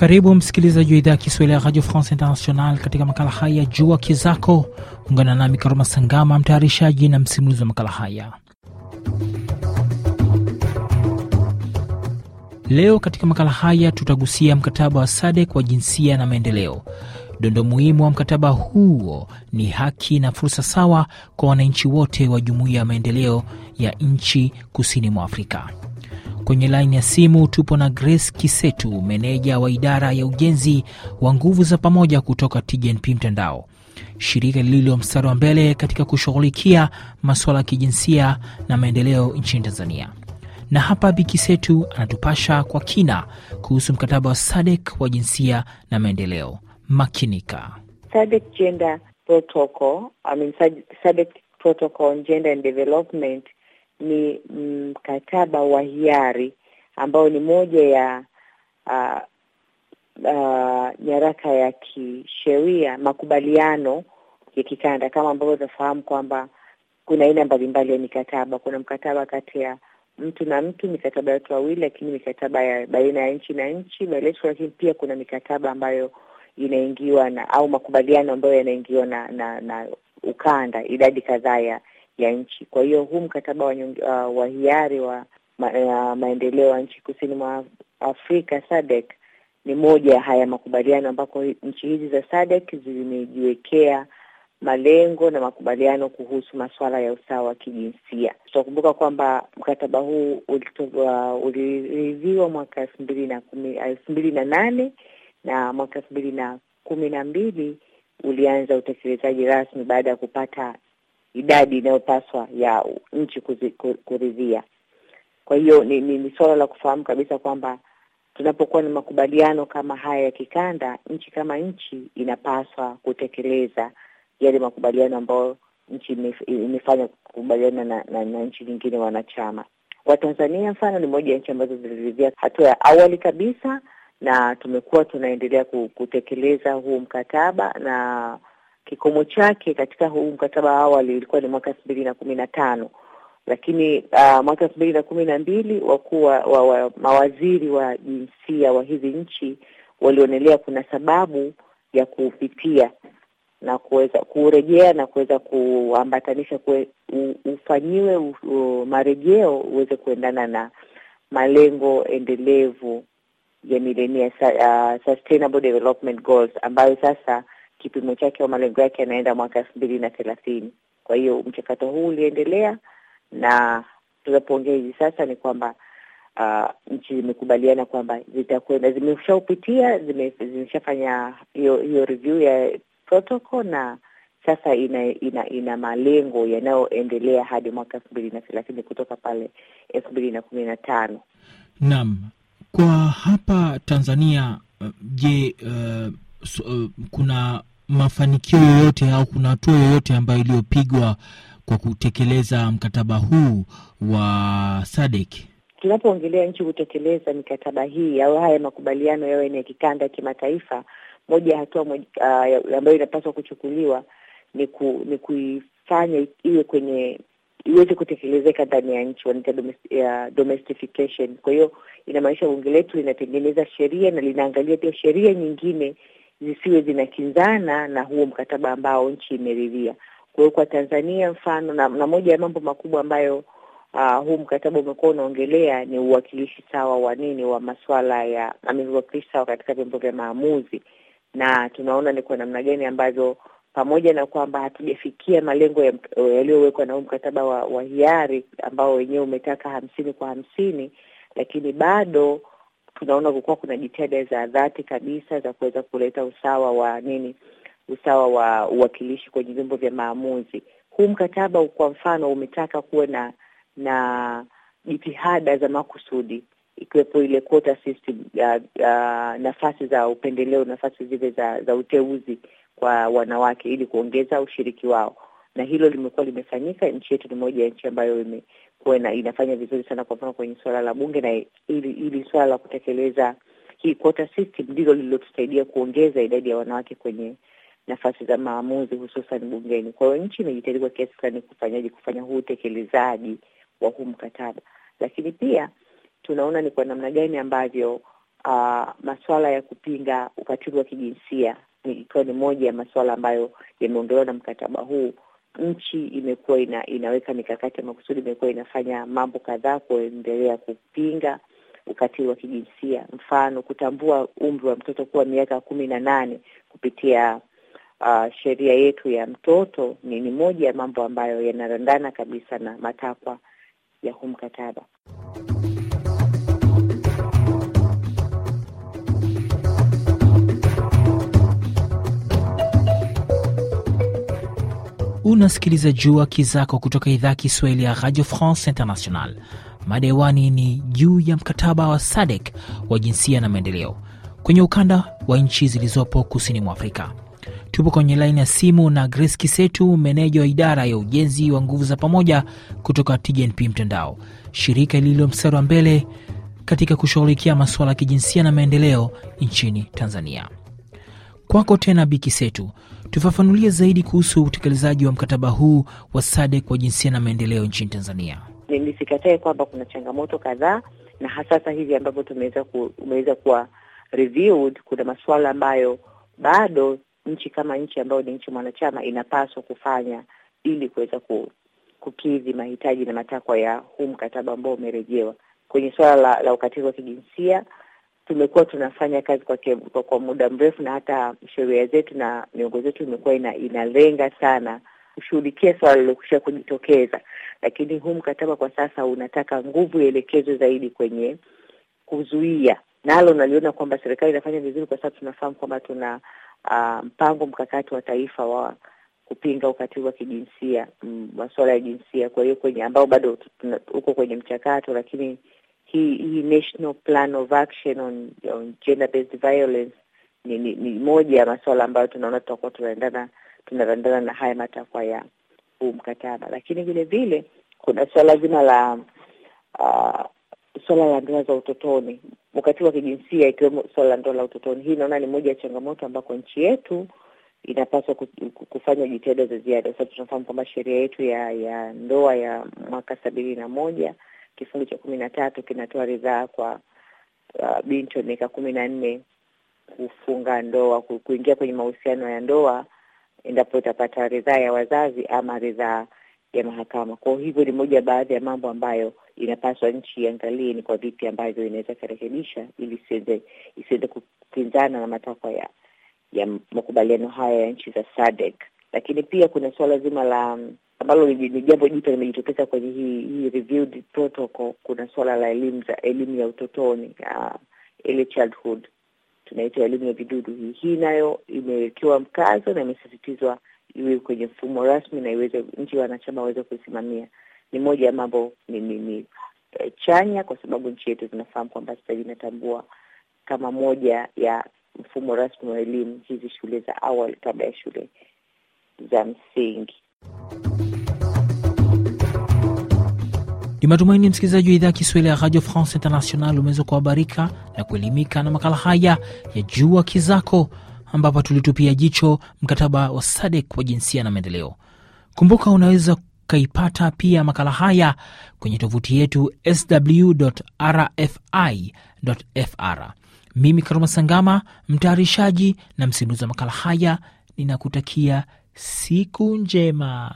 Karibu msikilizaji wa idhaa ya Kiswahili ya Radio France International katika makala haya Jua Kizako. Ungana nami Karoma Sangama, mtayarishaji na msimulizi wa makala haya. Leo katika makala haya tutagusia mkataba wa sadek wa jinsia na maendeleo. Dondo muhimu wa mkataba huo ni haki na fursa sawa kwa wananchi wote wa Jumuiya ya Maendeleo ya Nchi Kusini mwa Afrika. Kwenye laini ya simu tupo na Grace Kisetu, meneja wa idara ya ujenzi wa nguvu za pamoja kutoka TGNP Mtandao, shirika lililo mstari wa mbele katika kushughulikia masuala ya kijinsia na maendeleo nchini Tanzania. Na hapa bikisetu anatupasha kwa kina kuhusu mkataba wa SADC wa jinsia na maendeleo. Makinika. SADC Gender Protocol, I mean, SADC Protocol on Gender and Development ni mm, mkataba wa hiari ambao ni moja ya uh, uh, nyaraka ya kisheria, makubaliano ya kikanda. Kama ambavyo tunafahamu kwamba kuna aina mbalimbali ya mikataba. Kuna mkataba kati ya mtu na mtu, mikataba ya watu wawili, lakini mikataba ya baina ya nchi na nchi, lakini pia kuna mikataba ambayo inaingiwa na au makubaliano ambayo yanaingiwa na, na, na ukanda, idadi kadhaa ya ya nchi. Kwa hiyo huu mkataba wa, uh, wa hiari wa ma, uh, maendeleo ya nchi kusini mwa Afrika SADC ni moja ya haya makubaliano ambako nchi hizi za SADC zimejiwekea malengo na makubaliano kuhusu masuala ya usawa wa kijinsia. Tutakumbuka kwamba mkataba huu uh, uliridhiwa mwaka elfu mbili na kumi elfu mbili na nane na mwaka elfu mbili na kumi na mbili ulianza utekelezaji rasmi baada ya kupata idadi inayopaswa ya nchi kuridhia. Kwa hiyo ni, ni, ni suala la kufahamu kabisa kwamba tunapokuwa na makubaliano kama haya ya kikanda, nchi kama nchi inapaswa kutekeleza yale makubaliano ambayo nchi imefanya kukubaliana na, na, na nchi nyingine wanachama. tanzania mfano ni moja ya nchi ambazo ziliridhia hatua ya awali kabisa, na tumekuwa tunaendelea kutekeleza huu mkataba na Kikomo chake katika huu mkataba wa awali ulikuwa ni mwaka elfu mbili na kumi na tano lakini uh, mwaka elfu mbili na kumi na mbili wakuu wa, wa mawaziri wa jinsia wa hizi nchi walionelea kuna sababu ya kuupitia na kuweza kurejea na kuweza kuambatanisha kue, u, ufanyiwe u, u, marejeo uweze kuendana na malengo endelevu ya milenia, uh, Sustainable Development Goals ambayo sasa kipimo chake au malengo yake yanaenda mwaka elfu mbili na thelathini. Kwa hiyo mchakato huu uliendelea na tunapoongea hivi sasa ni kwamba uh, nchi zimekubaliana kwamba zitakwenda, zimeshaupitia, zimeshafanya hiyo hiyo review ya protocol na sasa ina ina, ina malengo yanayoendelea hadi mwaka elfu mbili na thelathini kutoka pale elfu mbili na kumi na tano. nam kwa hapa Tanzania, uh, je, uh, so, uh, kuna mafanikio yoyote au kuna hatua yoyote ambayo iliyopigwa kwa kutekeleza mkataba huu wa SADC? Tunapoongelea nchi kutekeleza mikataba hii au haya makubaliano yawe ni ya kikanda, kimataifa, moja ya hatua uh, ambayo inapaswa kuchukuliwa ni ku, ni kuifanya iwe kwenye iweze kutekelezeka ndani ya nchi, wanaita domestification. Kwa hiyo inamaanisha bunge letu linatengeneza sheria na linaangalia pia sheria nyingine zisiwe zinakinzana na huo mkataba ambao nchi imeridhia. Kwa hiyo kwa Tanzania mfano na, na moja ya mambo makubwa ambayo uh, huu mkataba umekuwa unaongelea ni uwakilishi sawa wa nini wa masuala ya uwakilishi sawa katika vyombo vya maamuzi, na tunaona ni kwa namna gani ambavyo pamoja na kwamba hatujafikia malengo yaliyowekwa na huu mkataba wa, wa hiari ambao wenyewe umetaka hamsini kwa hamsini, lakini bado tunaona kukuwa kuna jitihada za dhati kabisa za kuweza kuleta usawa wa nini, usawa wa uwakilishi kwenye vyombo vya maamuzi. Huu mkataba kwa mfano umetaka kuwe na na jitihada za makusudi ikiwepo ile quota system, uh, uh, nafasi za upendeleo, nafasi zile za za uteuzi kwa wanawake ili kuongeza ushiriki wao na hilo limekuwa limefanyika. Nchi yetu ni moja ya nchi ambayo imekuwa inafanya vizuri sana, kwa mfano kwenye suala la bunge, na ili, ili suala la kutekeleza hii quota system ndilo lililotusaidia kuongeza idadi ya wanawake kwenye nafasi za maamuzi hususan bungeni. Kwa hiyo nchi imejitahidi kwa kiasi fulani kufanyaje kufanya huu utekelezaji wa huu mkataba, lakini pia tunaona ni kwa namna gani ambavyo Uh, masuala ya kupinga ukatili wa kijinsia ikiwa ni moja ya masuala ambayo yameondolewa na mkataba huu, nchi imekuwa ina, inaweka mikakati ya makusudi, imekuwa inafanya mambo kadhaa kuendelea kupinga ukatili wa kijinsia, mfano kutambua umri wa mtoto kuwa miaka kumi na nane kupitia uh, sheria yetu ya mtoto ni, ni moja ya mambo ambayo yanarandana kabisa na matakwa ya huu mkataba. Unasikiliza Jua Kizako kutoka idhaa Kiswahili ya Radio France International. Madewani ni juu ya mkataba wa SADC wa jinsia na maendeleo kwenye ukanda wa nchi zilizopo kusini mwa Afrika. Tupo kwenye laini ya simu na Grace Kisetu, meneja wa idara ya ujenzi wa nguvu za pamoja kutoka TGNP Mtandao, shirika lililo mstari wa mbele katika kushughulikia masuala ya kijinsia na maendeleo nchini Tanzania. Kwako tena biki Kisetu, tufafanulie zaidi kuhusu utekelezaji wa mkataba huu wa SADC wa jinsia na maendeleo nchini Tanzania. Nisikatae kwamba kuna changamoto kadhaa, na hasasa hivi ambavyo tumeweza ku, umeweza kuwa reviewed, kuna masuala ambayo bado nchi kama nchi ambayo ni nchi mwanachama inapaswa kufanya ili kuweza ku, kukidhi mahitaji na matakwa ya huu mkataba ambao umerejewa kwenye suala la, la ukatili wa kijinsia tumekuwa tunafanya kazi kwa, ke, kwa, kwa muda mrefu na hata sheria zetu na miongo zetu imekuwa ina, inalenga sana kushughulikia swala lilokisha kujitokeza, lakini huu mkataba kwa sasa unataka nguvu ielekezwe zaidi kwenye kuzuia, nalo naliona kwamba serikali inafanya vizuri, kwa sababu tunafahamu kwamba tuna uh, mpango mkakati wa taifa wa kupinga ukatili wa kijinsia, masuala ya jinsia. Kwa hiyo kwenye ambao bado uko kwenye mchakato, lakini hii national plan of action on, on gender based violence ni, ni, ni moja ya masuala ambayo tunaona tutakuwa tunaendana tunaendana na haya matakwa ya huu mkataba, lakini vile vile kuna suala zima la uh, suala la ndoa za utotoni, wakati wa kijinsia ikiwemo suala la ndoa la utotoni. Hii naona ni moja ya changamoto ambako nchi yetu inapaswa kufanya jitihada za ziada. Sasa tunafahamu kwamba sheria yetu ya ya ndoa ya mwaka sabini na moja kifungu cha kumi na tatu kinatoa ridhaa kwa uh, binti wa miaka kumi na nne kufunga ndoa, kuingia kwenye mahusiano ya ndoa endapo itapata ridhaa ya wazazi ama ridhaa ya mahakama. kwao hivyo ni moja baadhi ya mambo ambayo inapaswa nchi iangalie ni kwa vipi ambavyo inaweza ikarekebisha ili isiweze kupinzana na matakwa ya ya makubaliano haya ya nchi za sadek Lakini pia kuna suala zima la ambalo ni jambo jipya limejitokeza kwenye hii hii reviewed protocol. Kuna suala la elimu za elimu ya utotoni, uh, early childhood tunaita elimu ya vidudu. Hii hii nayo imewekewa mkazo na imesisitizwa iwe kwenye mfumo rasmi na iweze nchi wanachama waweze kuisimamia. Ni moja ya mambo ni, ni, ni eh, chanya kwa sababu nchi yetu zinafahamu kwamba sasa hivi inatambua kama moja ya mfumo rasmi wa elimu hizi shule za awali kabla ya shule za msingi. Ni matumaini msikilizaji wa idhaa Kiswahili ya Radio France International umeweza kuhabarika na kuelimika na makala haya ya Jua kizako ambapo tulitupia jicho mkataba wa sadek wa jinsia na maendeleo. Kumbuka unaweza ukaipata pia makala haya kwenye tovuti yetu fr Mimi Karuma Sangama, mtayarishaji na msimulizi wa makala haya, ninakutakia siku njema.